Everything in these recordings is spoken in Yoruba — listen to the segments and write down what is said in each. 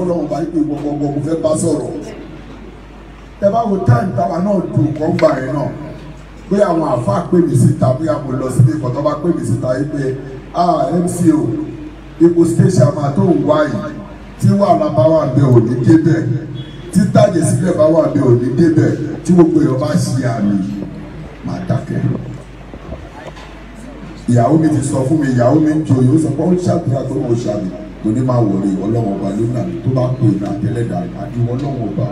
fọlọ́run bá yípe gbọgbọgbọ mo fẹ́ bá sọ̀rọ̀ ẹ bá wo táìmù táwa náà dùn kàn gbà yẹn náà bóyá àwọn àáfàá pè mí síta bóyá mo lọ sílé ìkọ̀ tó bá pè mí síta yìí pé ah MCO ipò station àmà tó ń wá yìí tí wàhálà bá wà bẹ́ẹ̀ ò ní débẹ̀ tí tàjẹ̀ sílẹ̀ bá wà bẹ́ẹ̀ ò ní débẹ̀ tí gbogbo èèyàn bá ṣe àmì màá dákẹ́ ìyàwó mi ti sọ fún mi ìyàwó mi ń jòyè ó sọ pé ó ń ṣàdúrà tó ń wò ṣàmì toní máa wọ̀rẹ̀ ọlọ́wọ́ ọba ló nà tó bá pè ní àtẹ́lẹ́dà àdìwọ́ ọlọ́wọ́ ọba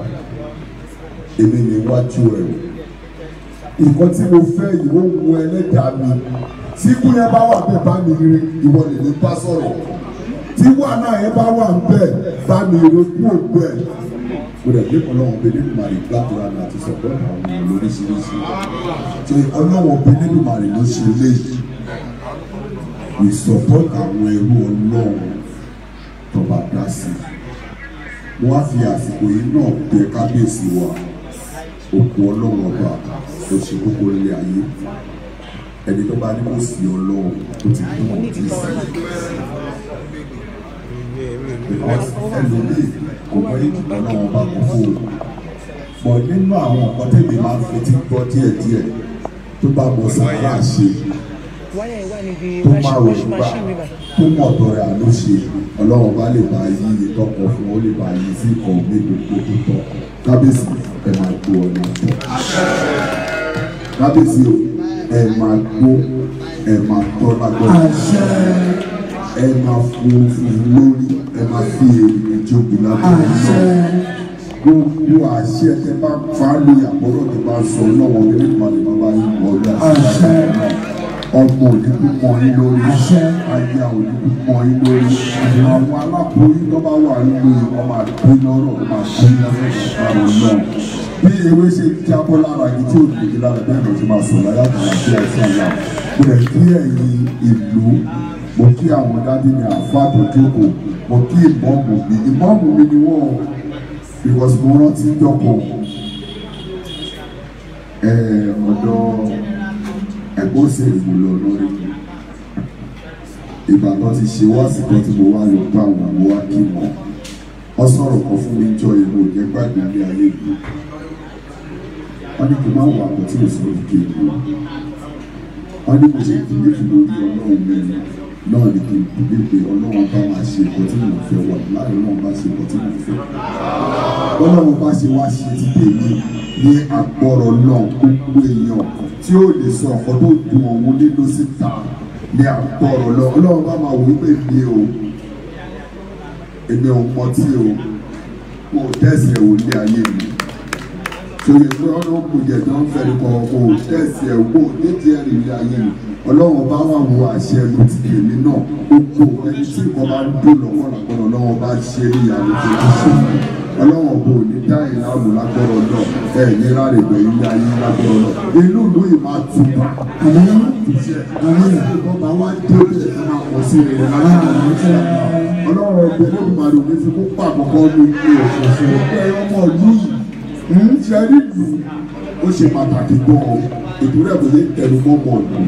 èmi ni wájú ẹ̀rù nǹkan tí mo fẹ́ ìwọ wo ẹlẹ́dàá mi tí kú yẹn bá wà bẹ́ẹ̀ bá mi rí ìwọ lè ní bá sọ̀rọ̀ tí wà náà yẹn bá wà bẹ́ẹ̀ bá mi rí kú òkú ẹ̀ kò dẹ̀ bí ọlọ́run Elédùmarè gbàdúrà ní àti sọ̀tọ̀ àwọn ọmọ lóríṣiríṣi tí ọlọ́run Elédùmarè ló ṣe léyìí ìsọ̀tọ̀ àwọn ẹrú ọlọ́run tọba dá sí i wọ́n á fi àsìkò yìí náà bẹ kábíyèsí wa òkú ọlọ́run ọba tó ṣe kókó lé ayé ẹni tó bá ní kò sí ọlọ́run tó ti kú ọ̀hún tí ì sí ẹlòmíì kò mọ ìdùnnú ọlọ́run ọba kò fóun pọ̀ nínú àwọn ọ̀pọ̀ tẹ̀lé máa ń fetí gbọ́ díẹ̀díẹ̀ tó bá mọ̀ sàrà ṣe wáyà tó mọ̀ tọrẹ ọlọ́run bá lè bá yí ìtọ́kọ̀ fún ó lè bá yí sí ìkọ̀ méje tó tó tọ́ kábíyèsí ẹ̀ máa gbó ọ̀nà tọ́ kábíyèsí o máa gbó ẹ̀ máa tọ́ lágbọ́n ẹ máa fún lórí ẹ máa fi èrè ìjókòó lábẹ́rẹ́ náà gbogbo àṣẹ tẹ bá fa lóye àbọ̀rọ̀ tẹ bá sọ lọ́wọ́ nípa ìmọ̀lẹ́mọ́ bá yí wọ́n ọmọ òdìdú mọ yín lórí aya òdìdú mọ yín lórí àwọn aláboyún tó bá wà nínú ọmọ àdúgbò lọ́rọ̀ ọmọ àdúgbò lọ́rọ̀ náà bí ewé ṣe jábọ́ lára yìí tí òdìdú yìí lára bẹ́ẹ̀ lọ́ọ́ ti máa sùn láyà tó máa fi àìsàn àyà mo rẹ̀ kí ẹ̀yin ìlú mo kí àwọn dádì ní àfa àtòjókò mo kí ìmọ̀ọ́mù mi ìmọ̀ọ́mù mi ni wọ́n because mo rántí jọkọ̀ ọ̀dọ́. ẹ̀kọ́ sèfù lọ lórí ìbàdàn ti ṣe wá sí kan tí lọ bá kan fún mi jọ yẹn mo gbàgbé ayé mi wọn ní kí n wà tí mo sọ̀rọ̀ ní mo ṣe ìdílé fún ọlọ́run mẹ́rin náà bá máa ṣe tí mo fẹ́ wà láàrin ọlọ́run bá ṣe tí mo fẹ́ ọlọ́run bá ṣe wá ṣe ti ní agbọ́rọ̀ náà gbogbo èèyàn tí ó lè sọ ọ̀kan tó dùn òun nínú síta ní agbọ́rọ̀ náà ọlọ́run bá máa wí pé mi o èmi ò mọ tí o mo tẹ̀sí ẹ̀wò ní ayé mi sòye pé ọlọ́run kò jẹ́ tó ń fẹ́rí kọ o tẹ̀sí ẹ̀wò nídìí ẹ̀rí ní ayé mi ọlọ́run bá wà wo àṣẹ ẹnu ti tèmi náà gbogbo ẹni tí nǹkan bá ń dùn lọ́wọ́ làgbọ́dọ̀ ọlọ́run bá ṣe é ìyàwó tó ti ṣe ọlọ́run kò ní dá ìlànà lágbọ́dọ̀ náà ẹ nira rẹ bẹ ilé ayé lábẹ́ ọ̀rọ̀ inú ìlú ìmọ̀ àtúntò àmì àmì ọba wa débẹ̀ ẹ máa pọ̀ sí rẹ̀ rárá àmì ṣe ọlọ́run ọgbẹ́ olódùmarè òní fi kó pàgọ́gọ́ ní ilé òṣèṣe ọgbẹ́ ọmọ ìlú yìí ń ṣe rí lù ó ṣe pàtàkì gan-an ìdúrà kò ní tẹnu mọ́ ọmọ ìlú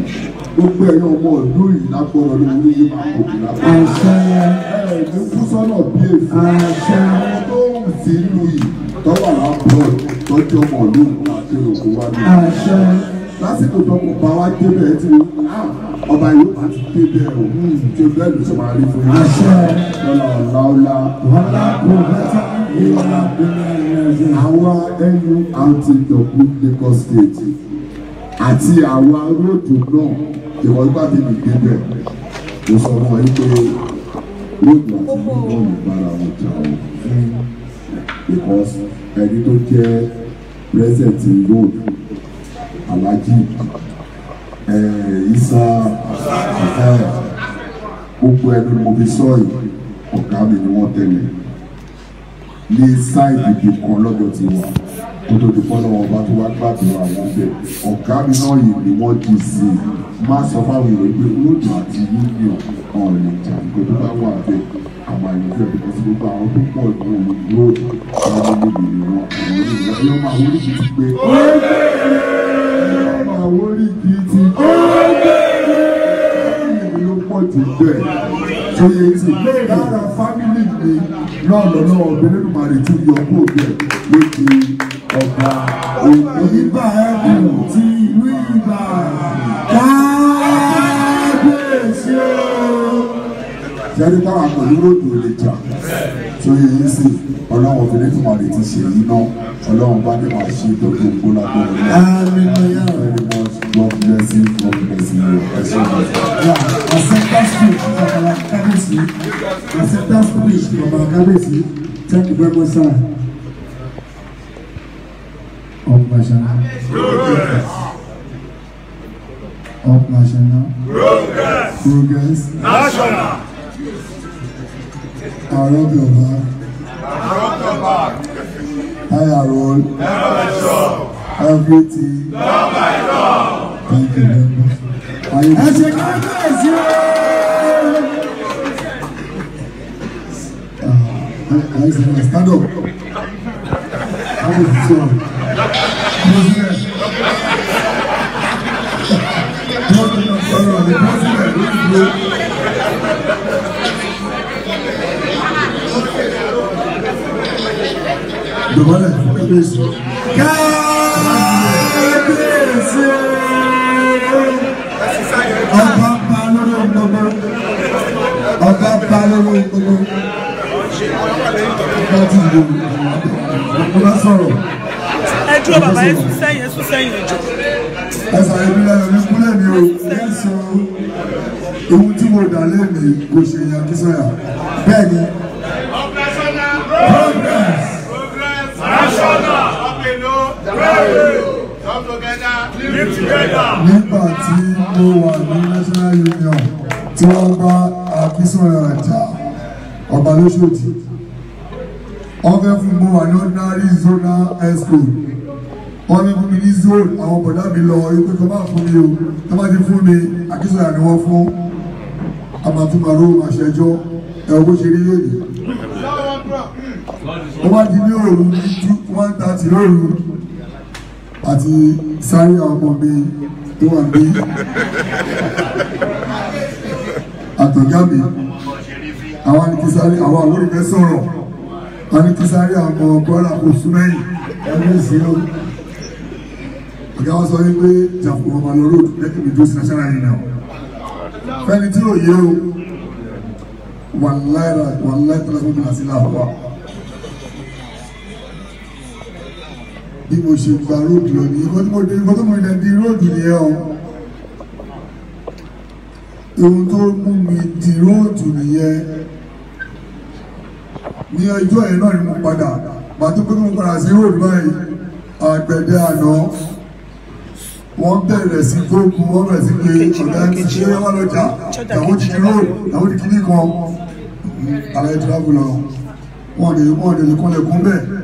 gbogbo ẹ̀yọ́ ọmọ ìlú yìí lágbọ́rọ̀ ní orí yìí máa kò kìlá bá ẹ̀ẹ́dínkù sọ́nà bíi èfò ọmọ tó ń sí ìlú yìí tọ́wà lábọ́ọ̀lù tọ́jú ọmọ ìlú nǹkan àti òkú wa ní. lásìkò tó kò bá wa débẹ̀ tí ah, ọba yóò bá ti débẹ̀ o tí hmm, o bẹ́ẹ̀ ló sọ máa rí fún yín. lọ́la ọ̀làọ̀là wàhálà kò bẹ́tà ìwà àwa NURTW Lagos State àti àwa róòdù náà ìwọ nígbà tí mi débẹ̀ mo sọ fún ọ yín pé róòdù àti mímọ́ ìbára ọjà ọ̀ fún ìkọ́sí ẹni tó jẹ́ Present in road alhaji isa isaiah gbogbo ẹnu mo fi sọ yìí ọ̀gá mi ni wọ́n tẹ̀lé ní sáìdì ibi kan lọ́dọ̀ ti wà kó tó di fọ́nà wọn bá tó wá gbàdúrà àwọn bẹ́ẹ̀ ọ̀gá mi náà yìí ni wọ́n ti sí i má sọ fáwọn èèyàn pé olóòtú àti yíyan ọ̀rìn ìjà ìgbẹ́ tó bá wà bẹ́ẹ̀ àwọn àyẹ̀fẹ́ because gbogbo àwọn tó pọ̀ ní òun dúró àwọn ọmọ mi nìyẹn wọn àwọn ọmọ mi nìyẹn wọn máa wọlé kìí ti pé. wọ́n máa wọlé kìí ti pé. fámìlì mi ló pọ̀ jù bẹ́ẹ̀ tó yẹ sí lára fámìlì mi náà lọ́nà obìnrin mà lè tún yọ kó bẹ́ẹ̀ lójú ọ̀gá òbí bá ẹ̀ kù tí wíwá. jẹ́rí káwọn pẹ̀lú ròdù ò lè jà tó yẹ yín sí ọlọ́run obìnrin tó wà lè ti ṣe yín náà ọlọ́run bá ní wàá ṣe ìtọ́jú ògbó lágbára náà. àmín lọ́yà very much God bless you God bless you ẹ ṣe mọ. acceptance speech ọ̀bàlà kábíyèsí acceptance speech ọ̀bàlà kábíyèsí thank you very much sir. Progress. Operational. Progress. Progress. National. Arọ́dọ̀bá. Arọ́dọ̀bá. I roll. Never show. Everything. Love my love. Thank you very much. Ẹ ṣe kábíyèsí ooo. Ayé sẹ́yìn stand up. Ayé sẹ́yìn. President. President. President. President. dùbọ́lẹ̀ kábíyèsí. kábíyèsí ọba pa lórí gbogbo ọba pa lórí gbogbo ọba ti dùn ọba sọ̀rọ̀. ẹ dúró bàbá yẹn sún sẹ́yìn sún sẹ́yìn ìjọ. ẹ sàyè mi lẹ́yìn mi kúlẹ̀ mi o yẹ sọ ohun tí mo dà lé mi kò ṣe yàn kí sọ̀yà bẹ́ẹ̀ ni. nígbà tí mo wà ní national union tí wọ́n bá Akínsànyà jà ọba lóṣòdì wọ́n fẹ́ fún mo wà ní ordinary zonal high school wọ́n fẹ́ fún mi ní zone àwọn bọ̀dá mi lọ ikú tó máa fún mi o tó bá ti fún mi Akínsànyà ni wọ́n fún amatumaru àṣẹjọ́ ẹ̀rọ bó ṣe rí lónìí. wọ́n bá di ní òru ní two one thirty lóru àti sáré ọmọ mi tó wà bí àtọ̀gá mi àwọn anìkísáré àwọn àwọn olùfẹ́ sọ̀rọ̀ anìkísáré àwọn bọ́lá oṣù mẹ́yìn ẹgbẹ́ ìṣirò ọ̀gá wa sọ wípé jàpọ̀ ọmọ lọ road lẹ́kìn mi tó sí national yìí náà fẹ́ni tí ò yé o wàláì wàláì tẹ́lẹ̀ fún àti láàbùwà. bí mo ṣe gba róòdù lọ nìyí kọ́ tí mo dé kọ́ tí mo dé di róòdù nìyẹn o ohun tó mú mi di róòdù nìyẹn ní ọjọ́ yẹn náà ni mo padà màá tó pé kí mo padà sí róòdù báyìí àgbẹ̀dẹ àná wọ́n bẹ̀rẹ̀ sí gbógun wọ́n bẹ̀rẹ̀ sí pé ọ̀gá ti ṣe é wọ́n lọ́jà làwọn ti kiri róòdù làwọn ti kiri kan ààrẹ tíráfù lọ wọ́n lè wọ́n lè kúnlẹ̀ kún bẹ́ẹ̀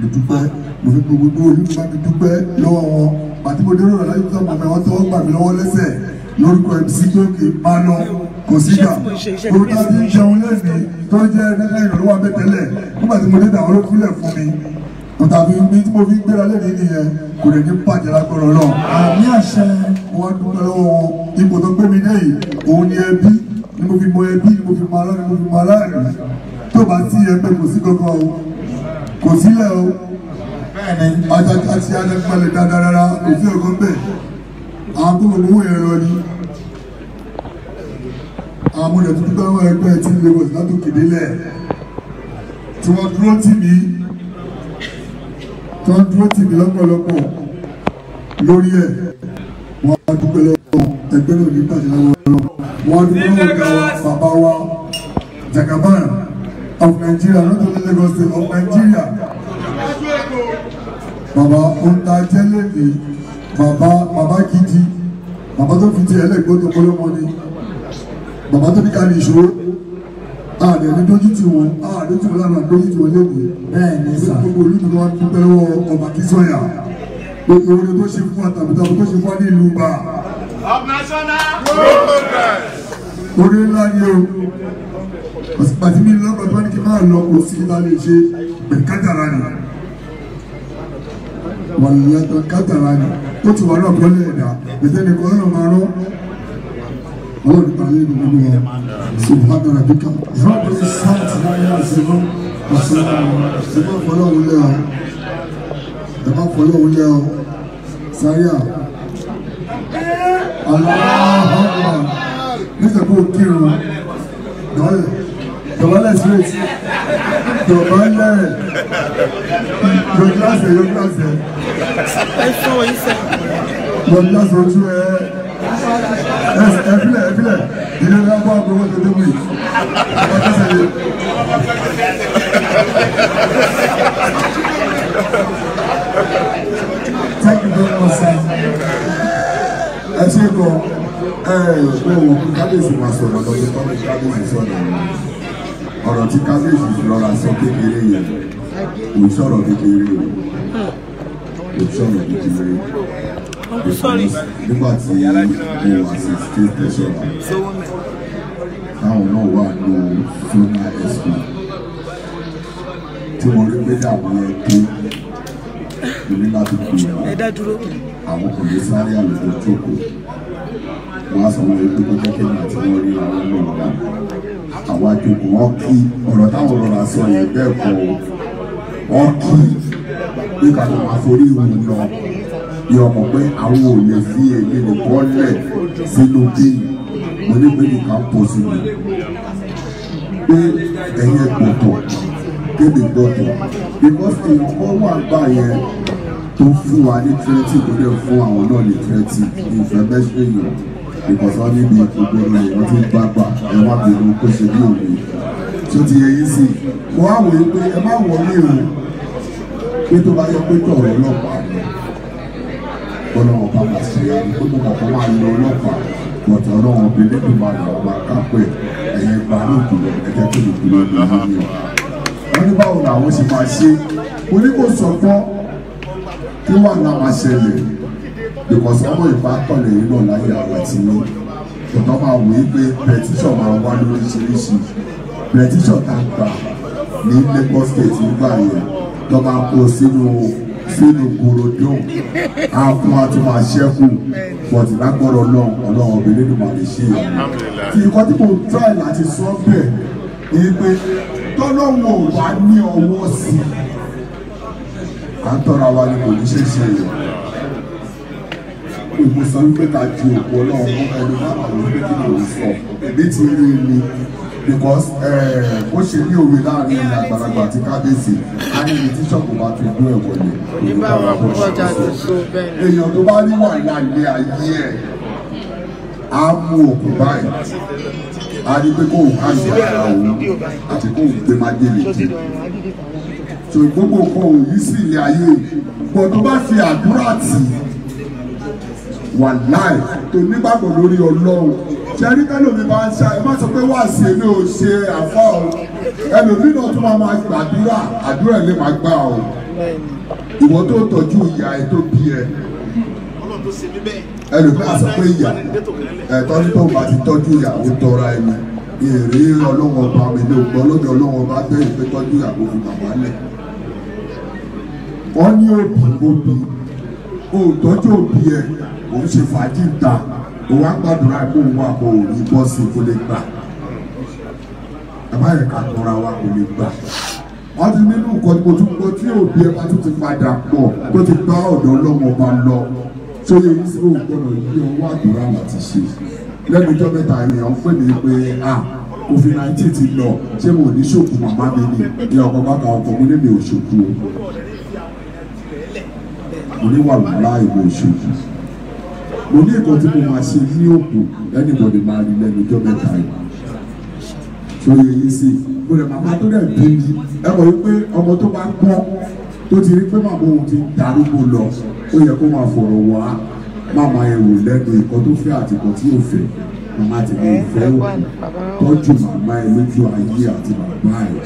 mo dúpẹ́ mo fi gbogbo gbogbo olú bá mi dúpẹ́ lọ́wọ́ wọn pàtí mo dérò láyé fún ọmọ mi wọn tọwọ́ gbà mí lọ́wọ́ lẹ́sẹ̀ lórúkọ MC Tókè Pano kò sígbà lórúkọ tí ń jẹun lẹ́sìn tó jẹ́ ẹ̀ẹ́dẹ́gbẹ́ ìrànlọ́wọ́ abẹ́tẹ́lẹ̀ nígbà tí mo dé dàwọn ló fúnlẹ̀ fún mi tàbí bí tí mo fi gbéra lẹ́ni nìyẹn kò lè ní bàjẹ́ lágbọ́rọ̀ náà. àmì àṣẹ wọn dúpẹ́ lọ́wọ́ wọn ipò tó gbé mi dé yìí òun ni ẹbí ni mo fi mọ ẹbí ni mo fi mọ aláàrẹ ni mo fi mọ aláàrẹ tó bá sí ẹgbẹ́ kò sí kankan o kò sílẹ̀ o ajaja tí a lè palẹ̀ dáadáa rárá òfin ọ̀gọ́ bẹ́ẹ̀ àwọn tó wọ́n wọ́n yẹn lọ ni àwọn ọmọdé tuntun bá wọn ẹgbẹ́ tí Lagos látòkè délẹ̀ tí wọ́n dúró tì mí tí wọ́n dúró tì mí lọ́pọ̀lọpọ̀ lórí ẹ̀ wọ́n á dúpẹ́ lọ́wọ́ ẹgbẹ́ náà ní bàjẹ́ lọ́wọ́ wọn á dúpẹ́ lọ́wọ́ bàbá wa Jagaban of Nigeria, not only Lagos State, of Nigeria. Baba, Baba, Baba unta Bàbá Ounda Jẹ́lẹ̀mí, bàbá bàbá gidi, bàbá tó fi ti ẹlẹ́gbọ́dọ̀ pọ́lọ́mọ ni, bàbá tó ní ká ní ìṣòro, ààrẹ ní dójú tì wọ́n, ààrẹ tí wọ́n lánàá dójú tì wọ́n léwu. Bẹ́ẹ̀ni sà. Gbogbo olùdókòwò wa dúpẹ́ lọ́wọ́ ọba Kìsọ́yà. Gbogbo orin tó ṣe fún àtàbùtàbù tó ṣe fún ní ìlú bá. Up national progress. Orin ńlá ni o pàtí mi lọ́kọ̀ tó ní kí máa lọ kó sí kíta lè ṣe kátàrà ni wà lóya tó kátàrà ni ó ti wà náà kọ́lé ẹ̀dá ẹ̀dá ni kọ́lé ọ̀ma rọ́ wọ́n ní báyìí ní gbogbo wọn subhanahu wa bika rabbi santi na ya zima asalamu alaikum ẹ má fọlọ́ òun lẹ́ ọ ẹ má fọlọ́ òun lẹ́ ọ sáyà aláhàmà nígbà tó kírun lọ́yẹ̀. Tomala sweet. Tomala. Your glass there, your glass there. Ẹ sọ wọ̀nyí sẹ́. Your glass ojú ẹ. Ẹ filẹ̀ ẹ filẹ̀. Ìdílé ní abọ́ àgbẹ̀ wọ́n tó débi. Ọ̀tá sẹ́yìn. Thank you very much, sir. Ẹ ṣe kọ, ẹ ẹ òun kábíyèsí máa sọ̀rọ̀ lọ́dún tó ní kábíyèsí sọ̀rọ̀ ọ̀rọ̀ tí kábíyèsí fi rọra sọ kékeré yẹn kò sọ̀rọ̀ kékeré o kò sọ̀rọ̀ kékeré nígbà tí mo wà sí state station táwọn náà wà ní fúnà expo tí wọ́n rí pé dàbí ẹ tó èmi láti pè wọ́n àwọn kò lè sáré àlùjọ jókòó wọ́n á sọ wọn wípé kó jẹ́ kéèyàn àti wọ́n rí àwọn náà dàbí àwọn àjòkù wọn kí ọ̀rọ̀ táwọn rọra sọ yẹn bẹ́ẹ̀ kọ́ wọn kí pé ká ló máa forí ìwù lọ bí ọmọ pé àwọn ò lè fi èmi nìkan lẹ̀ sínú bíi mo ní pé nìkan pọ̀ sí mi pé ẹ̀yẹ gbọ̀tọ̀ kéde gbọ̀tọ̀ because èèyàn kan wà gbà yẹn tó fún wa ní twenty kó dẹ̀ fún àwọn náà ní twenty ìfẹ́ bẹ́ẹ̀ ṣe yàn ìkọ̀sọ́ níbi gbogbo ọ̀nà ìwọ́n ti ń bá gbà ẹ má bínú kó ṣe bí òwe tó ti yẹ yín sí mo á wòye pé ẹ má wọlé o pé tó bá yẹ pé tọ̀rọ̀ ọlọ́pàá ọlọ́wọ́n bá máa ṣe é pé mo kàn fún máa lọ ọlọ́pàá bọ̀tọ̀ ọlọ́wọ́n obìnrin tó máa lọ ọmọ akápẹ́ ẹ̀yẹ gbàlódù ẹ̀jẹ̀ tó lè dúró lórí mi wọ́n ní báwo làwọn ṣe máa ṣe because ọmọ ìfà kọlẹ̀ yìí náà láyé àwọn àti yín ọ̀tọ́ máa wò ó pé petition máa wá lóríṣiríṣi petition tá a gbà ní Lagos State nígbà yẹn tó máa kó sínú sínú korodó á fún wa tó máa ṣẹ́kù bọ̀dì lágbọ́dọ̀ náà ọlọ́run obìnrin ló máa lè ṣe é tí ikọ́ tí mo try láti sọ bẹ́ẹ̀ ni pé tọ́lọ́wọ́ wà ní ọwọ́ sí i à ń tọ́ra wa ni kò ní ṣe ṣe é òun sọ wípé ká ju òkú ọlọ́run ẹni bá wà lórí kí ló sọ èmi ti rí mi because eh, ó ṣe ní òwe láàrin ẹni àgbàlagbà àti kábíyèsí a ní ibi tí ṣọ́ọ̀bù bá fi dún ẹ̀wọ̀ ni. oníbàárà kò kọjá ló so bẹ́ẹ̀ èèyàn tó bá rí wàhálà ilé ayé ẹ̀ á mú òkú báyìí a ní pé kóun ká ìgbà ara òun àti kóun gbé májèlé jù so gbogbo nǹkan òun yìí sí ilé ayé gbọ̀dọ̀ bá fi àdúrà tì í wàláì tó nígbàgbọ́ lórí ọlọ́run ṣẹ́rí kẹ́lòmí bá ń ṣá ẹ má sọ pé wá sí èmi ò ṣe àfọ́ o ẹlòmí náà tó máa máa gbàdúrà àdúrà ẹ̀ lè máa gbà o ìwọ tó tọ́jú ìyá ẹ tó bí ẹ ẹlòmí á sọ pé ìyá ẹ̀tọ́ni tó bá ti tọ́jú ìyàwó tọra ẹni èrè ọlọ́wọ́ ọba mi ní ògbọ́n lọ́dọ̀ ọlọ́wọ́ ọba bẹ́ẹ̀ ìfẹ́ tọ́jú ìyàwó fún bàbá lẹ̀ wọ́n ní òbí òbí o tọ́jú òbí ẹ̀ o ń ṣe fàájì ta o wá gbàdúrà kó o wà kó o rí I kó lè gbà ẹ má yẹ ká tọ́ra wa kó lè gbà wọ́n ti nínú nǹkan tí mo tún gbọ́ tí òbí ẹ̀ bá tún ti padà pọ̀ tó ti gbá ọ̀dọ̀ ọlọ́mọ bá lọ tó yẹ kí sí òun gbọ́dọ̀ yí owó àdúrà láti ṣe lẹ́nu ọjọ́ mẹ́ta yẹn ń pè mí pé a covid nineteen ti lọ ṣé mo ní ṣòkù màmá mi ni ìyá ọkọ̀ bá ka ọkọ̀ mi ní mi ò ṣòkù mo ní wà lọ́la ìwọ òṣèlú mo ní nǹkan tí mo máa ṣe ní òkú anybody máa rí lẹ́nu ọjọ́ mẹ́ta yìí tó yẹ yín sí mo rẹ̀ màmá tó rẹ̀ bí mi ẹ wọ̀ wípé ọmọ tó bá gbọ́ tó ti rí pé màmá òun ti darúgbó lọ ó yẹ kó máa fọ̀rọ̀ wá màmá ẹ wò lẹ́nu ìkan tó fẹ́ àti ìkan tí ò fẹ́ màmá ti ní ìfẹ́ wò tọ́jú màmá ẹ lójú ayé àti bàbá ẹ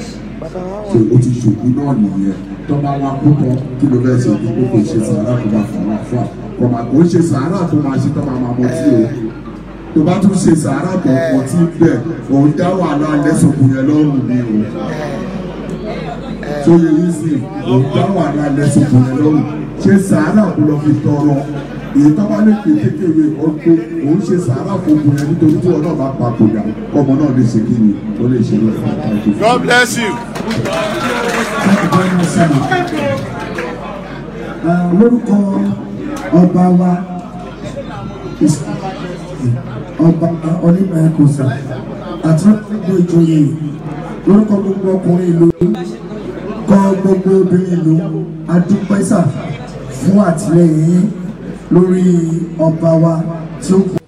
ṣe ó ti ṣòkú náà nìyẹn tọ́ba wa kú kan kí ló fẹ́ ṣe kó kò ṣe sàárà tó máa fara fún wa kò máa kò ṣe sàárà tó máa ṣe tọ́ba máa mọ sí o tó bá tún ṣe sàárà tó mọ sí bẹ́ẹ̀ òun dá wàhálà lẹ́sọ̀kù yẹn lọ́rùn ni o tó yẹ yìí sìn òun dá wàhálà lẹ́sọ̀kù yẹn lọ́rùn ṣe sàárà kó lọ fi tọrọ èyí tó bá lè pè kékeré ọkọ òun ṣe sàárà fòkun yẹn nítorí tí ọlọ́ọ̀ bá papòdà ọmọ náà lè ṣe kí ni ó lè ṣe lọ. God bless you. lórúkọ ọba wa ọba onímọ̀ ẹ̀kọ́ sà àti gbogbo ìjòyè lórúkọ gbogbo ọkùnrin ìlú kọ gbogbo obìnrin ìlú adúpẹ́sà fún àtìlẹ́yìn yín lórí ọba wa tí ó